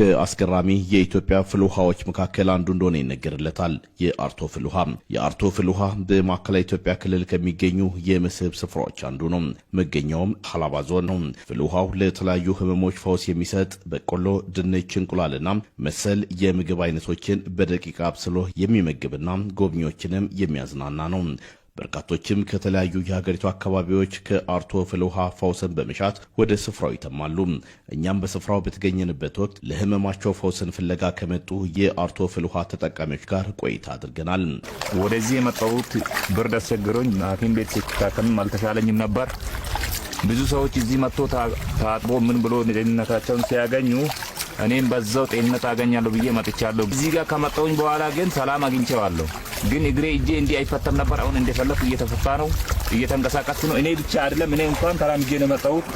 ከአስገራሚ የኢትዮጵያ ፍል ውሃዎች መካከል አንዱ እንደሆነ ይነገርለታል። የአርቶ ፍልውሃ የአርቶ ፍልውሃ በማዕከላዊ ኢትዮጵያ ክልል ከሚገኙ የመስህብ ስፍራዎች አንዱ ነው። መገኛውም ሀላባ ዞን ነው። ፍልውሃው ለተለያዩ ህመሞች ፈውስ የሚሰጥ በቆሎ፣ ድንች፣ እንቁላልና መሰል የምግብ አይነቶችን በደቂቃ አብስሎ የሚመግብና ጎብኚዎችንም የሚያዝናና ነው። በርካቶችም ከተለያዩ የሀገሪቱ አካባቢዎች ከአርቶ ፍልውሃ ፈውስን በመሻት ወደ ስፍራው ይተማሉ። እኛም በስፍራው በተገኘንበት ወቅት ለህመማቸው ፈውስን ፍለጋ ከመጡ የአርቶ ፍልውሃ ተጠቃሚዎች ጋር ቆይታ አድርገናል። ወደዚህ የመጣሁት ብርድ አስቸግሮኝ ሐኪም ቤት ሲታከምም አልተሻለኝም ነበር። ብዙ ሰዎች እዚህ መጥቶ ታጥቦ ምን ብሎ ጤንነታቸውን ሲያገኙ እኔም በዛው ጤንነት አገኛለሁ ብዬ መጥቻለሁ። እዚህ ጋር ከመጣሁኝ በኋላ ግን ሰላም አግኝቼዋለሁ። ግን እግሬ እጄ እንዲህ አይፈታም ነበር። አሁን እንደፈለኩ እየተፈታ ነው፣ እየተንቀሳቀስኩ ነው። እኔ ብቻ አይደለም፣ እኔ እንኳን ተራምጄ ነው የመጣሁት።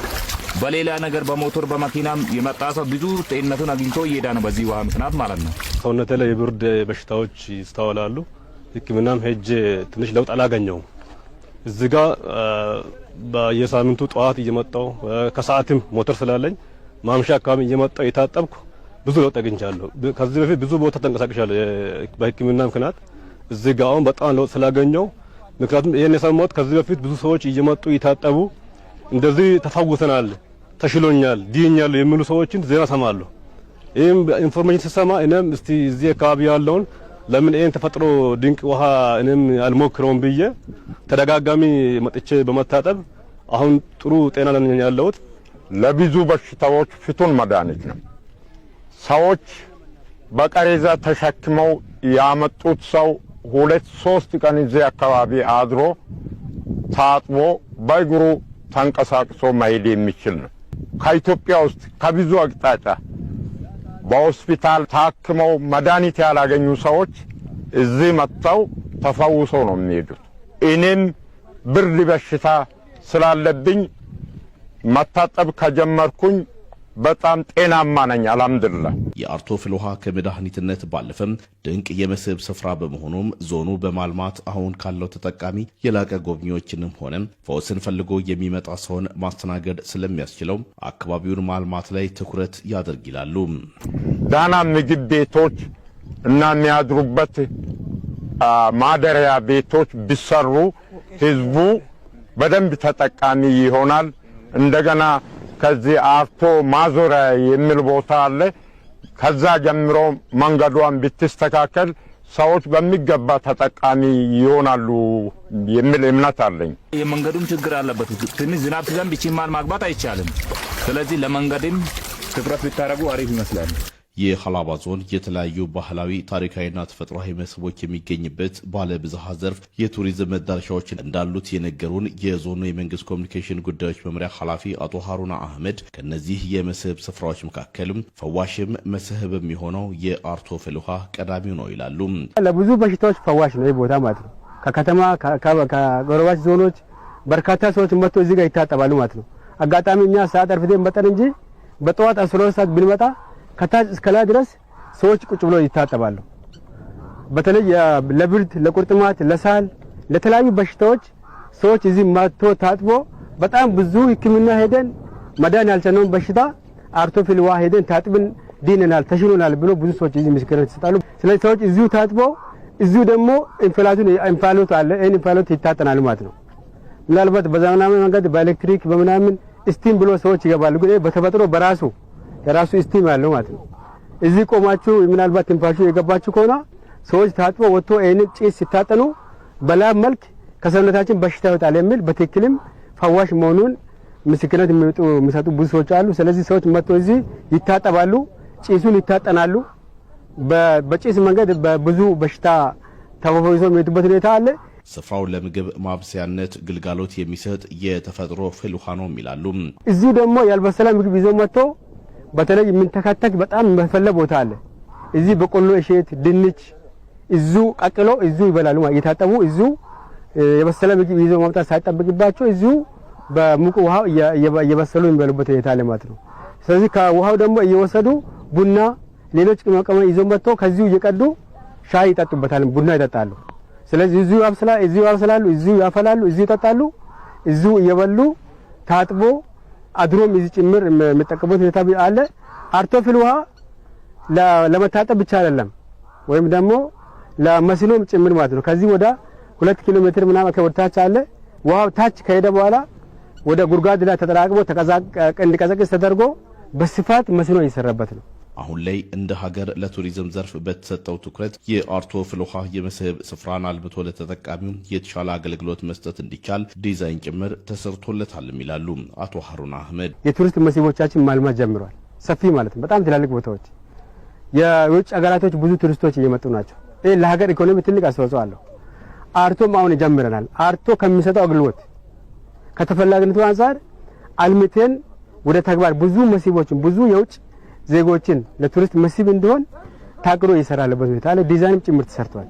በሌላ ነገር በሞቶር በመኪና የመጣ ሰው ብዙ ጤንነቱን አግኝቶ እየሄዳ ነው፣ በዚህ ውሃ ምክንያት ማለት ነው። ሰውነቴ ላይ የብርድ በሽታዎች ይስተዋላሉ። ሕክምናም ሄጄ ትንሽ ለውጥ አላገኘውም። እዚህ ጋ በየሳምንቱ ጠዋት እየመጣው ከሰዓትም ሞተር ስላለኝ ማምሻ አካባቢ እየመጣው የታጠብኩ ብዙ ለውጥ አግኝቻለሁ። ከዚህ በፊት ብዙ ቦታ ተንቀሳቅሻለሁ በሕክምና ምክንያት እዚህ ጋር አሁን በጣም ለውጥ ስላገኘው ምክንያቱም ይሄን የሰማሁት ከዚህ በፊት ብዙ ሰዎች እየመጡ እየታጠቡ እንደዚህ ተፈውሰናል፣ ተሽሎኛል፣ ድኛለሁ የሚሉ ሰዎችን ዜና ሰማለሁ። ይህም ኢንፎርሜሽን ስሰማ እኔም እስቲ እዚህ አካባቢ ያለውን ለምን ይህን ተፈጥሮ ድንቅ ውሃ እኔም አልሞክረውም ብዬ ተደጋጋሚ መጥቼ በመታጠብ አሁን ጥሩ ጤና ላይ ያለሁት። ለብዙ በሽታዎች ፍቱን መድኃኒት ነው። ሰዎች በቀሬዛ ተሸክመው ያመጡት ሰው ሁለት ሶስት ቀን እዚህ አካባቢ አድሮ ታጥቦ በእግሩ ተንቀሳቅሶ መሄድ የሚችል ነው። ከኢትዮጵያ ውስጥ ከብዙ አቅጣጫ በሆስፒታል ታክመው መድኃኒት ያላገኙ ሰዎች እዚህ መጥተው ተፈውሰው ነው የሚሄዱት። እኔም ብርድ በሽታ ስላለብኝ መታጠብ ከጀመርኩኝ በጣም ጤናማ ነኝ አልሐምዱላ። የአርቶ ፍል ውሃ ከመድኃኒትነት ባለፈም ድንቅ የመስህብ ስፍራ በመሆኑም ዞኑ በማልማት አሁን ካለው ተጠቃሚ የላቀ ጎብኚዎችንም ሆነ ፈውስን ፈልጎ የሚመጣ ሰውን ማስተናገድ ስለሚያስችለው አካባቢውን ማልማት ላይ ትኩረት ያደርግ ይላሉ። ዳና ምግብ ቤቶች እና የሚያድሩበት ማደሪያ ቤቶች ቢሰሩ ህዝቡ በደንብ ተጠቃሚ ይሆናል። እንደገና ከዚህ አርቶ ማዞሪያ የሚል ቦታ አለ። ከዛ ጀምሮ መንገዷን ብትስተካከል ሰዎች በሚገባ ተጠቃሚ ይሆናሉ የሚል እምነት አለኝ። የመንገዱም ችግር አለበት። ትንሽ ዝናብ ሲዘንብ ይችማል ማግባት አይቻልም። ስለዚህ ለመንገድም ትኩረት ብታደርጉ አሪፍ ይመስላል። የሀላባ ዞን የተለያዩ ባህላዊ ታሪካዊና ተፈጥሯዊ መስህቦች የሚገኝበት ባለ ብዝሃ ዘርፍ የቱሪዝም መዳረሻዎች እንዳሉት የነገሩን የዞኑ የመንግስት ኮሚኒኬሽን ጉዳዮች መምሪያ ኃላፊ አቶ ሀሩና አህመድ ከእነዚህ የመስህብ ስፍራዎች መካከልም ፈዋሽም መስህብ የሚሆነው የአርቶ ፍል ቀዳሚው ነው ይላሉ። ለብዙ በሽታዎች ፈዋሽ ነው ይህ ቦታ ማለት ነው። ከከተማ ከጎረባች ዞኖች በርካታ ሰዎች መጥቶ እዚህ ጋር ይታጠባሉ ማለት ነው። አጋጣሚ እኛ ሰዓት አርፍቴ መጠን እንጂ በጠዋት አስሮ ሰዓት ብንመጣ ከታች እስከ ላይ ድረስ ሰዎች ቁጭ ብሎ ይታጠባሉ። በተለይ ለብርድ፣ ለቁርጥማት፣ ለሳል፣ ለተለያዩ በሽታዎች ሰዎች እዚህ መጥቶ ታጥቦ በጣም ብዙ ሕክምና ሄደን መዳን ያልቻለውን በሽታ አርቶ ፊልዋ ሄደን ታጥብን ድነናል፣ ተሽሎናል ብሎ ብዙ ሰዎች እዚህ ምስክርነት ይሰጣሉ። ስለዚህ ሰዎች እዚሁ ታጥቦ እዚሁ ደግሞ እንፋሎቱን ኢንፋሎት አለ ይህን እንፋሎት ይታጠናሉ ማለት ነው። ምናልባት በዘመናዊ መንገድ በኤሌክትሪክ በምናምን ስቲም ብሎ ሰዎች ይገባሉ። ግን በተፈጥሮ በራሱ የራሱ ስቲም ያለው ማለት ነው። እዚህ ቆማችሁ ምናልባት ትንፋሹ የገባችሁ ከሆነ ሰዎች ታጥቦ ወጥቶ ይህንን ጭስ ሲታጠኑ በላብ መልክ ከሰውነታችን በሽታ ይወጣል የሚል በትክክልም ፈዋሽ መሆኑን ምስክርነት የሚመጡ የሚሰጡ ብዙ ሰዎች አሉ። ስለዚህ ሰዎች መጥቶ እዚህ ይታጠባሉ፣ ጭሱን ይታጠናሉ። በጭስ መንገድ በብዙ በሽታ ተፈፈይዞ የሚሄዱበት ሁኔታ አለ። ስፍራው ለምግብ ማብሰያነት ግልጋሎት የሚሰጥ የተፈጥሮ ፍል ውሃ ነው ይላሉ። እዚህ ደግሞ ያልበሰለ ምግብ ይዞ መጥቶ በተለይ የምንተከተክ በጣም መፈለ ቦታ አለ። እዚህ በቆሎ፣ እሸት፣ ድንች እዙ ቀቅሎ እዙ ይበላሉ። እየታጠቡ እዙ የበሰለ ምግብ ይዞ ማምጣት ሳይጠብቅባቸው እዙ በሙቅ ውሃው እየበሰሉ የሚበሉበት ሁኔታ አለ ማለት ነው። ስለዚህ ከውሃው ደግሞ እየወሰዱ ቡና፣ ሌሎች ቅመማ ቅመም ይዞ መጥቶ ከዚሁ እየቀዱ ሻይ ይጠጡበታል፣ ቡና ይጠጣሉ። ስለዚህ እዚሁ ያብስላሉ፣ እዚሁ ያፈላሉ፣ እዚሁ ይጠጣሉ፣ እዚሁ እየበሉ ታጥቦ አድሮም እዚህ ጭምር የምጠቀሙት ሁኔታ አለ። አርቶፍል ውሃ ለመታጠብ ብቻ አይደለም ወይም ደግሞ ለመስኖም ጭምር ማለት ነው። ከዚህ ወደ ሁለት ኪሎ ሜትር ምናምን ወደ ታች አለ። ውሃው ታች ከሄደ በኋላ ወደ ጉድጓድ ላይ ተጠራቅሞ እንዲቀዘቅዝ ተደርጎ በስፋት መስኖ እየሰራበት ነው። አሁን ላይ እንደ ሀገር ለቱሪዝም ዘርፍ በተሰጠው ትኩረት የአርቶ ፍሎሃ የመስህብ ስፍራን አልምቶ ለተጠቃሚው የተሻለ አገልግሎት መስጠት እንዲቻል ዲዛይን ጭምር ተሰርቶለታልም ይላሉ አቶ ሀሩን አህመድ። የቱሪስት መስህቦቻችን ማልማት ጀምሯል። ሰፊ ማለት ነው። በጣም ትላልቅ ቦታዎች የውጭ አገራቶች ብዙ ቱሪስቶች እየመጡ ናቸው። ይህ ለሀገር ኢኮኖሚ ትልቅ አስተዋጽኦ አለው። አርቶም አሁን ጀምረናል። አርቶ ከሚሰጠው አገልግሎት ከተፈላጊነቱ አንጻር አልምቴን ወደ ተግባር ብዙ መስህቦችን ብዙ የውጭ ዜጎችን ለቱሪስት መስህብ እንዲሆን ታቅዶ እየሰራለበት ሁኔታ ላይ ዲዛይንም ጭምር ተሰርቷል።